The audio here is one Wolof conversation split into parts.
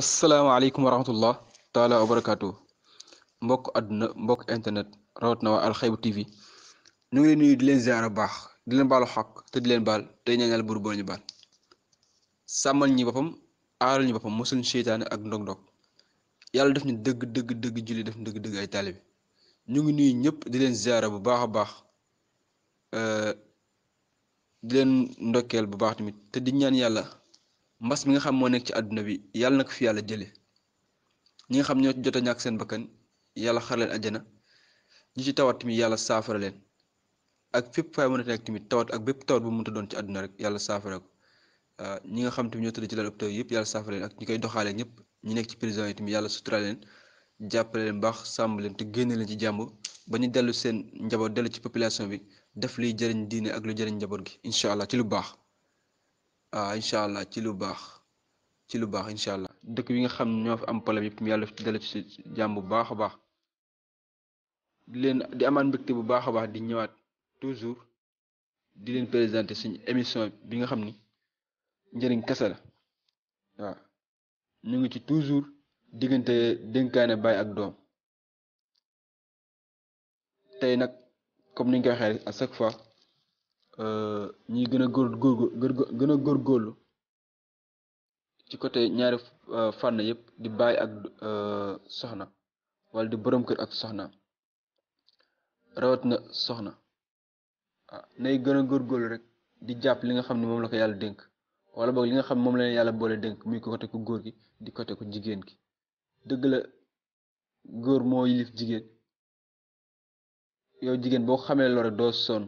asalaamaaleykum wa rahmatullah taala wa barakaatu mbokk àdduna mbokk internet rawat na waa alxaybu tv ñu ngi leen nuyu di leen ziara baax di leen baalu xaq te di leen baal te ñaanal buur boo ñu baal sàmmal boppam aaral ñi boppam mosul ñu ak ndog yàlla def ñu dëgg dëgg def ñu dëgg ay taalibe ñu ngi nuyu ñëpp di leen ziara bu baax a baax euh, di leen ndokkeel bu baax tamit te di ñaan yàlla mbas mi nga xam moo nekk ci àdduna bi yàlla na ko fi yàlla jële ñi nga xam ñoo ci jot a ñàkk seen bakkan yàlla xar leen àjjana ñi ci tawat mi yàlla saafara leen ak fépp faay mën a tawat ak bépp tawat bu mu mënta doon ci àdduna rek yàlla saafara ko ah, ñi nga xam tamit ñoo tëdd ci lal hôpital yëpp yàlla saafara leen ak ñi koy doxaale ñëpp ñi nekk ci prison yi tamit yàlla sutura leen jàppale leen baax sàmm leen te génne leen ci jàmm ba ñu dellu seen njaboot dellu ci population bi def luy jëriñ diine ak lu jëriñ njaboot gi incha allah ci lu baax. Ah, incha allah ci lu baax ci lu baax incha allah dëkk yi nga xam ne ñoo fi am problème yëpp yàlla fi dala ci jàmm bu baax a baax di leen di amaan mbégte bu baax a baax di ñëwaat toujours di leen présenter suñu émission bi nga xam ni njëriñ kese la waaw ñu ngi ci toujours diggante dénkaane baay ak doom tey nag comme ni ñu koy waxee à chaque fois. Euh, ñuy gën a góor gën a góorgóorlu ci côté ñaari euh, fànn yëpp di bàyyi ak euh, soxna wala di borom kër ak soxna rawat na soxna ah nay gën a góorgóorlu rek di jàpp li nga xam ne moom la ko yàlla dénk wala boog li nga xam ne moom la yàlla boole dénk muy ko côté ku góor gi di côté ku jigéen gi dëgg la góor moo yilif jigéen yow jigéen boo xamee loolu rek doo sonn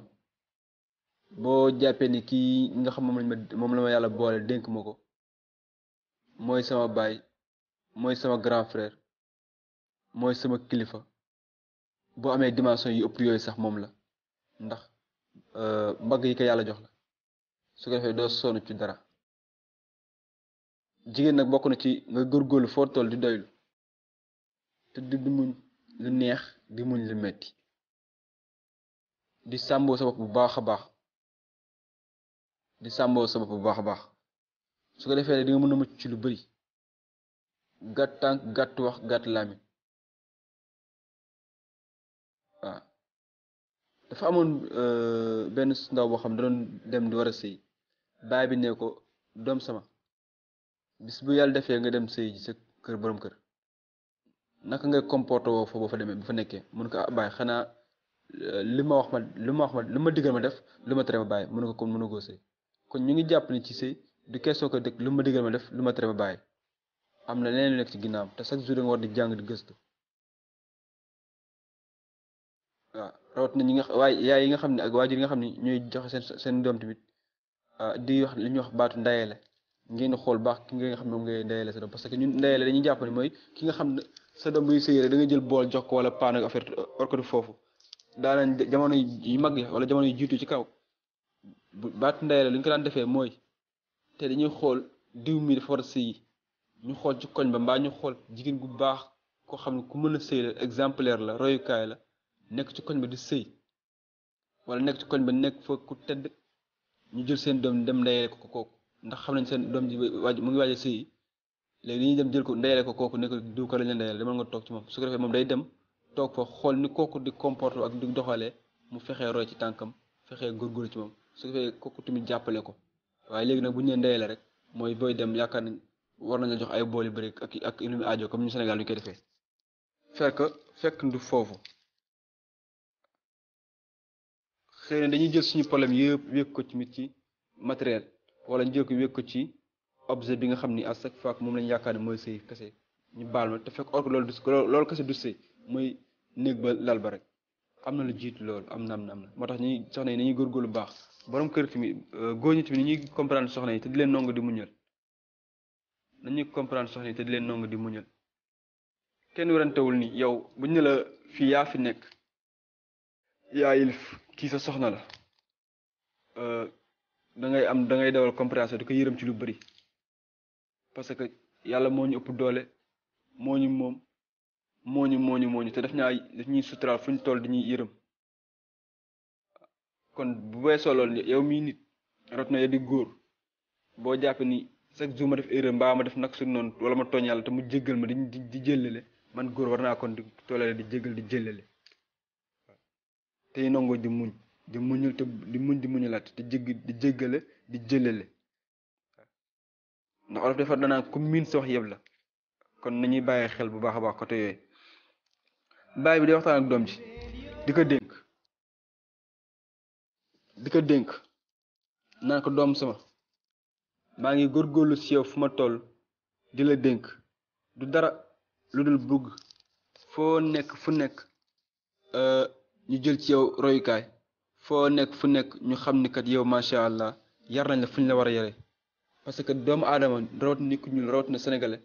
boo jàppee ni kii nga xam moom lañ ma moom la ma yàlla boole dénk ma ko mooy sama baay mooy sama grand frère mooy sama kilifa boo amee dimension yu ëpp yooyu sax moom la ndax euh, mbagg yi ko yàlla jox la su ko defee doo sonn ci dara jigéen nag bokk na ci nga góorgóorlu foo toll di doylu te di muñ lu neex di muñ lu metti di sàmboo sa bopp bu baax a baax di sàmboo sa bopp bu baax a baax su ko defee ne di nga mën a mucc ci lu bëri gàtt tànk gàtt wax gàtt làmmiñ waaw dafa amoon euh, benn ndaw boo xam ne doon dem di war a sëy baay bi ne ko doom sama bis bu yàlla defee nga dem sëy ji sa kër borom kër naka ngay comporté woo fa boo fa demee bu fa nekkee mun ko ah baay xanaa li ma wax ma li ma wax ma li ma digal ma def li ma tere ma bàyyi mun ko kon mun koo sëy kon ñu ngi jàpp ci sëy du question ko dëkk lu ma digal ma def lu ma tere ma bàyyi am na leneen lu nekk ci ginnaawam te chaque jour da nga war di jàng di gëstu waaw rawat na ñi nga waaye yaay yi nga xam ne ak waajur yi nga xam ne ñooy joxe seen seen doom tamit ah, di wax li ñuy wax baatu ndayale ngeen xool baax ki nga xam ne moom ngay ndayale sa doom parce que ñun ndayale dañuy jàpp ne mooy ki nga xam ne sa doom buy sëy rek jël bool jox ko wala paan ak affaire orkatu foofu daanañ jamono yu mag ya wala jamono yu jiitu ci kaw bu baatu ndeyale lu ñu ko daan defee mooy te dañuy xool diw mii dafa war a sëyi ñu xool ci koñ ba mbaa ñu xool jigéen gu baax koo xam ne ku mën a sëy la exemplaire la royukaay la nekk ci koñ ba di sëy wala nekk ci ba nekk fa ku tedd ñu jël seen doom dem ndeyale ko kooku ndax xam nañ seen doom ji waaj mu waaj a sëyi léegi dañuy dem jël ko ndeyale ko kooku nekk diw ka lañ la ndeyale demal nga toog ci moom su ko defee moom day dem toog fa xool ni kooku di comporte ak di doxalee mu fexee roy ci tànkam fexee góorgóorlu ci moom su fekkee kooku jàppale ko waaye léegi nag bu ñu leen dayale rek mooy booy dem yaakaar nañ war nañu jox ay booli bëri ak ak lu ajo aajo comme ñu Sénégal ñu koy defee. fekk fekk ndu foofu xëy na jël suñu problème yëpp wékk ko ci mit ci matériel wala ñu jël ko ci objet bi nga xam ni à chaque fois moom lañu yaakaar ne mooy sëy kese ñu baal ma te fekk or loolu loolu kese du sëy mooy néeg ba lal ba rek. am na lu jiit loolu am na am na am na moo tax ñuy soxna yi nañuy góorgóorlu baax borom kër tamit euh, góor ñi tamit ni ñuy comprendre soxna yi te di leen nongu di muñal nañuy comprendre soxna yi te di leen nongu di muñal kenn werantewul ni yow buñ ne la fii yaa fi nekk yaa yilif kii sa soxna la euh, da ngay am da ngay dawal compréhension du ko yërëm ci lu bëri parce que yàlla moo ñu ëpp doole moo ñu moom mooñu mooñu mooñu te def ñaa daf ñuy suturaal fu ñu tool di ñuy yërëm kon bu weesoo loolu yow mii nit rot na yow di góor boo jàpp ni chaque jour ma def erreur mbaa ma def nag suñu noonu wala ma tooñ te mu jéggal ma di di jëllale man góor war naa kon di tollale di jéggal di jëllale tey nangoo di muñ di muñul di muñ di muñulaat di jégg di jéggale di jëllale ndax olof dafa danaa ku miin sa wax la kon na ñuy bàyyi xel bu baax a baax côté yooyu baay bi di waxtaan ak doom ji di ko dénk di ko dénk naan doom sama maa ngi góorgóorlu si yow fu ma toll di la dénk du dara lu dul bugg foo nekk fu nekk euh, ñu jël ci yow royukaay foo nekk fu nekk ñu xam ni kat yow macha allah yar nañ la fu ñu la war a yare parce que doomu aadama rawat ni ku ñuul rawat na sénégalais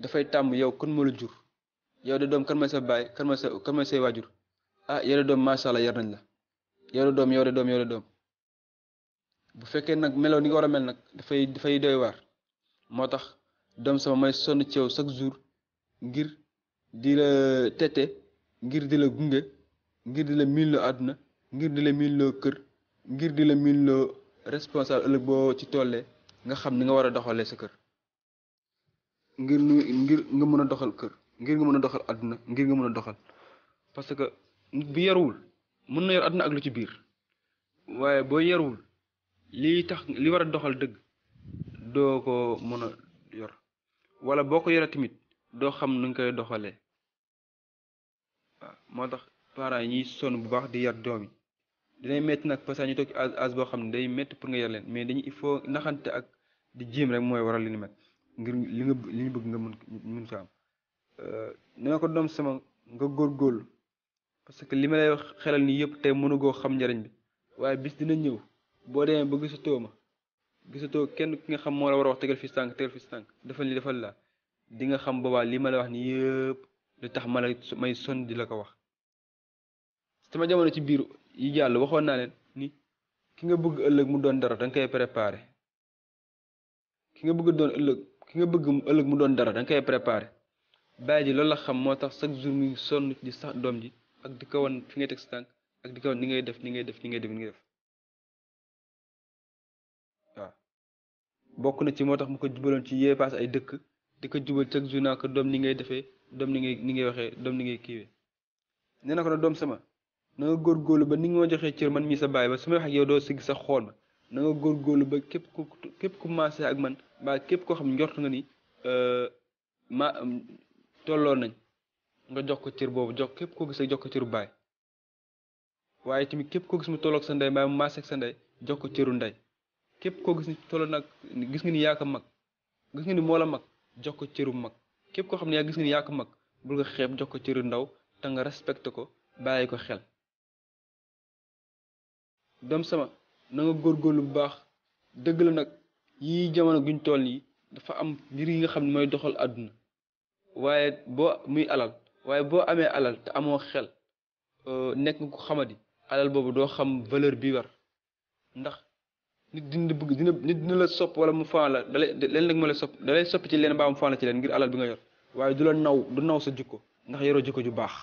dafay tàmm yow kon moo la jur yow de doom kan mooy sa baay kan mooy sa waajur ah yow de doom macha allah yar nañ la yow de doom yow de doom bu fekkee nag meloo ni nga war a mel nag dafay dafay doy waar moo tax doom sama may sonn ci yow chaque jour ngir di la tete ngir di la gunge ngir di la miinloo àdduna ngir di la miinloo kër ngir di la miinloo responsable ëllëg boo ci tollee nga xam ni nga war a doxalee sa kër ngir nu ngir nga mën a doxal kër ngir nga mën a doxal àdduna ngir nga mën a doxal parce que nit bi yaruwul mën na yor àdduna ak lu ci biir waaye boo yaruwul li tax li war a doxal dëgg doo ko mën a yor wala boo ko yoree tamit doo xam nu nga koy doxalee waaw moo tax parents yi ñuy sonn bu baax di yar doom yi dinay métti nag parce que ñu toog ci as boo xam ne day métti pour nga yar leen mais dañu il faut naxante ak di jéem rek mooy waral li ni met ngir li nga li ñu bëgg nga mun mun sa am nee ko doom sama nga góor góorgóorlu parce que li ma lay wax xelal nii yëpp tey mënugoo xam njariñ bi waaye bis dina ñëw boo demee ba gisatoo ma gisatoo kenn ki nga xam moo la war a wax tegal fi sànq tegal fi sànq defal li defal laa di nga xam boobaa li ma la wax nii yëpp lu tax ma la may son di la ko wax sama jamono ci biir yi jàll waxoon naa leen ni ki nga bëgg ëllëg mu doon dara da nga koy préparé ki nga bëgg doon ëllëg ki nga bëgg ëllëg mu doon dara da koy préparé bàyyi ji loolu la xam moo tax chaque jour muy sonn di sax doom ji ak di ko wan fi ngay teg sa ak di ko wan ni ngay def ni ngay def ni ngay def ni ngay def bokk na ci moo tax mu ko jubaloon ci yee paas ay dëkk di ko jubal chaque jour naa ko doom ni ngay defee doom ni ngay ni ngay waxee doom ni ngay kiiwee nee na ko na doom sama na góor góorlu ba ni nga ma joxee cër man mii sa baay ba su may wax ak yow doo sigg sa xool ma na nga góorlu ba képp ku képp ku maase ak man mbaa képp koo xam njort nga ni euh, tolloo nañ nga jox ko cër boobu jox képp koo gis rek jox ko cëru baay waaye tamit képp koo gis mu tollook sa ndey mbaa mu maaseeg sa ndey jox ko cëru ndey képp koo gis ni tolloo nag gis nga ni yaa ko mag gis ni moo mag jox ko cëru mag képp koo xam ne yaa gis nga ni mag bul ko xeeb jox ko cëru ndaw te nga respecté ko bàyyi ko xel doom sama na góor góorgóorlu bu baax dëgg la nag yii jamono guñ toll yi dafa am mbir yi nga xam ne mooy doxal àdduna waaye boo muy alal waaye boo amee alal te amoo xel euh, nekk nga ko xamadi alal boobu doo xam valeur bi war ndax nit dina bëgg dina nit dina la sopp wala mu faan la dalay leen nag ma la sopp dalay sopp ci leen baa mu faan la ci leen ngir alal bi nga yor waaye du la naw du naw sa jikko ndax yoroo jikko ju baax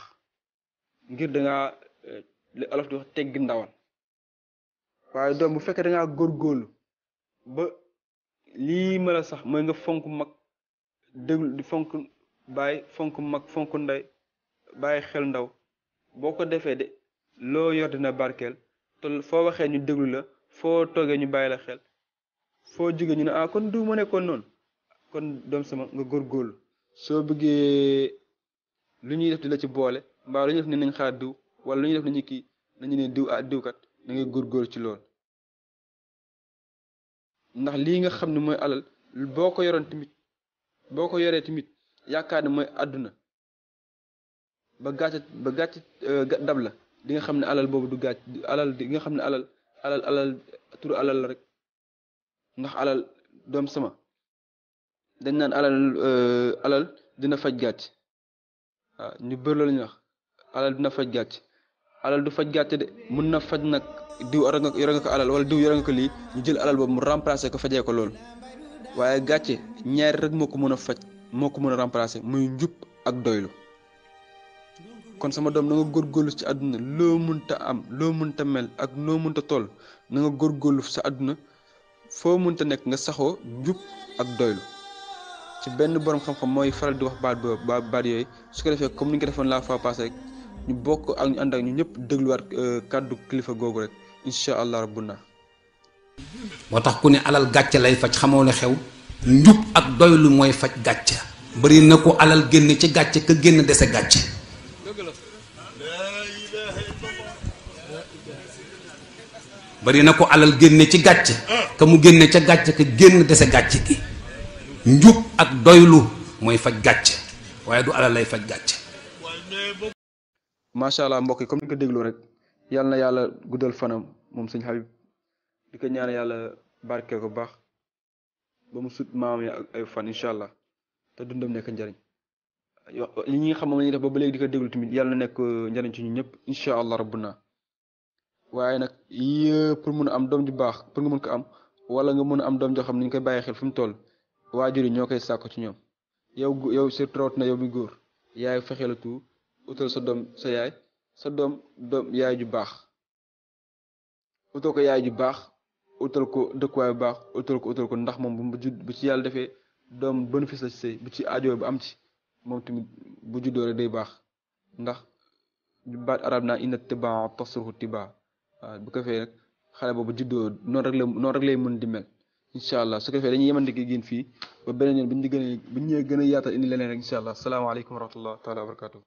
ngir danga li olof di wax tegg ndawan waaye doom bu fekkee dangaa góorgóorlu ba lii ma sax mooy nga fonk mag déglu fonk bàyyi fonk mag fonk ndey bàyyi xel ndaw boo ko defee de loo yor dina barkeel te foo waxee ñu déglu la foo toogee ñu bàyyi la xel foo jóge ñu ne ah kon du ma nekkoon noonu kon doom sama nga góorlu soo bëggee lu ñuy def di la ci boole mbaa lu ñuy def ne nañ xaar diw wala lu ñuy def nañu kii nañu ne diw ah diwkat da ngay góorgóorlu ci lool ndax lii nga xam ne mooy alal boo ko yoroon tamit boo ko yoree tamit yaakaar ne mooy àdduna ba gàcce ba gàcce euh, dab la di nga xam ne alal boobu du gàcc alal di nga xam ne alal alal alal turu alal rek ndax alal doom sama dañ naan alal euh, alal dina faj gàcc ñu bëri la wax alal dina faj gàcc alal du faj gàcce de mun na faj nag diw yore ko alal wala diw yore nga lii ñu jël alal boobu mu remplacer ko fajee ko loolu waaye gàcce rek moo ko mën a faj. moo ko mën a remplacer muy njub ak doylu kon sama doom na góor góorgóorlu ci àdduna loo munta am loo munta mel ak noo munta tool na nga góorgóorlu sa àdduna foo munta nekk nga saxoo njub ak doylu ci benn borom xam-xam mooy faral di wax baat ba baat yooyu su ko defee comme ni nga ko defoon la fois passée rek ñu bokk ak ñu ànd ak ñu ñëpp dégluwaat euh, kàddu kilifa googu rek incha allah rabbuna moo tax ku ne alal gàcce lay faj xamoo ne xew. njub ak doylu mooy faj gàcce bari na ko alal génn ci gàcce génn dese gàcce na ko alal génne ci gàcce ka ca gàcce génn dese gàcce gi njub ak doylu mooy faj gàcce waaye du alal lay faj gàcce macha allah mbokk yi comme ni ko déglu rek yal na yàlla guddal fanam moom sëñ Habib di ko ñaan yàlla barke ko baax ba mu sut maam ya ay fan incha allah te dundam nekk njariñ yo li ñi nga xam moom la ñuy ba ba léegi di ko déglu tamit yàlla na nekk uh, njariñ ci ñun ñëpp incha allah na waaye nag yii uh, pour mun a am doom ju baax pour nga mun ko am wala nga mun a am doom joo xam ni ñu koy bàyyi xel fu mu toll waajur yi ñoo koy sàkku ci ñoom yow yow surtout na yow mi góor yaay fexeel tu utal sa doom sa yaay sa doom doom yaay ju baax utoo ko yaay ju baax utal ko dëkkwaay bu baax utal ko utal ko ndax moom bu bu ci yàlla defee doom bénéfice la ci bu ci aajoo ba am ci moom tamit bu juddoo rek day baax ndax baat arab na inna tibaa tasruhu tibaa waaw bu ko fee nag xale boobu juddoo noonu rek la noonu rek lay mën di mel incha allah su ko fee dañuy yemante ki génn fii ba beneen yoon ñu gën a bu ñu gën a yaatal indi leneen rek incha allah salaamaaleykum wa rahmatullah taala wa barakatuh